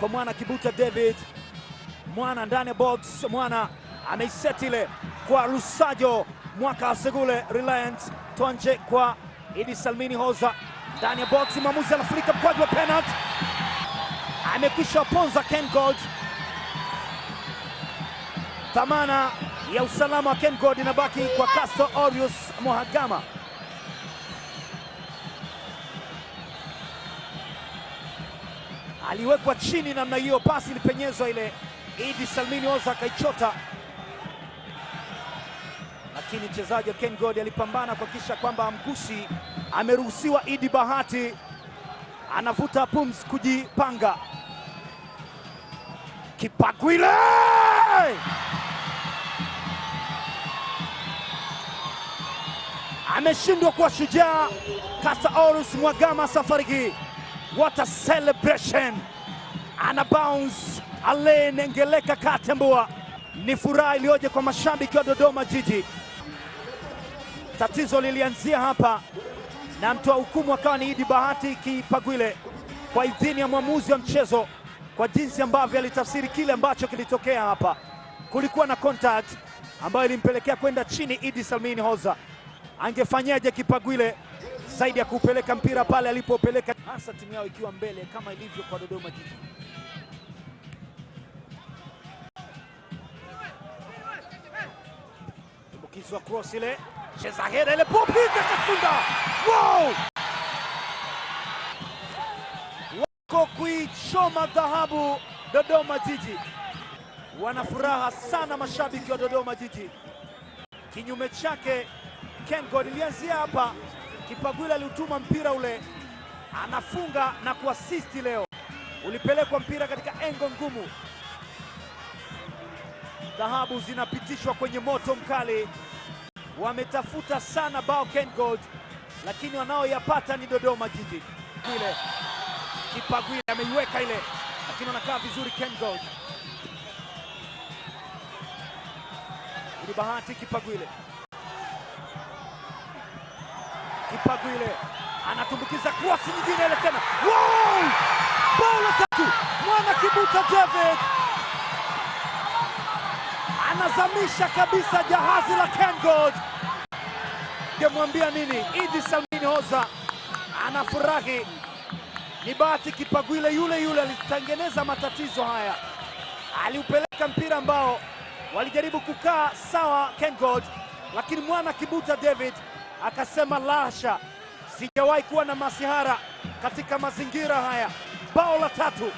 kwa mwana Kibuta David, mwana ndani ya box, mwana anaiseti ile kwa Rusajo Mwaka asegule Reliance tonje kwa Idi Salmini Hoza ndani ya box, mwamuzi anafurika mkwaju wa penalty, amekwisha ponza Ken Gold. Dhamana ya usalama wa Ken Gold inabaki kwa Castro Orius Mohagama. aliwekwa chini namna hiyo, pasi ilipenyezwa ile, Idi Salmini Oza akaichota, lakini mchezaji wa Ken God alipambana kuhakikisha kwamba amgusi. Ameruhusiwa Idi Bahati, anavuta pumzi kujipanga. Kipagwile ameshindwa kuwa shujaa. orus Mwagama safari hii What a celebration! Ana bounce ale nengeleka katembua. Ni furaha iliyoje kwa mashabiki wa Dodoma Jiji. Tatizo lilianzia hapa na mtoa hukumu akawa ni Idi Bahati Kipagwile kwa idhini ya mwamuzi wa mchezo, kwa jinsi ambavyo alitafsiri kile ambacho kilitokea hapa. Kulikuwa na contact ambayo ilimpelekea kwenda chini Idi salmini Hoza. Angefanyaje Kipagwile? zaidi ya kupeleka mpira pale alipopeleka, hasa timu yao ikiwa mbele kama ilivyo kwa Dodoma Jiji. Tumbukizwa cross ile, cheza hera ile, popita Kasunda, wow! wako kuichoma dhahabu Dodoma Jiji. Wana furaha sana mashabiki wa Dodoma Jiji. Kinyume chake Ken God hapa. Kipagwile aliutuma mpira ule, anafunga na kuasisti leo. Ulipelekwa mpira katika engo ngumu, dhahabu zinapitishwa kwenye moto mkali. Wametafuta sana bao KenGold, lakini wanaoyapata ni Dodoma Jiji. Kile Kipagwile ameiweka ile, lakini wanakaa vizuri KenGold. Ni bahati Kipagwile kipago ile, anatumbukiza krosi nyingine ile tena, wow! bao la tatu, mwana kibuta David anazamisha kabisa jahazi la KenGold. Ngemwambia nini? Idi Salmin Hoza anafurahi. Ni bahati Kipagwile yule yule alitengeneza matatizo haya, aliupeleka mpira ambao walijaribu kukaa sawa KenGold, lakini mwana kibuta David akasema lasha, sijawahi kuwa na masihara katika mazingira haya. Bao la tatu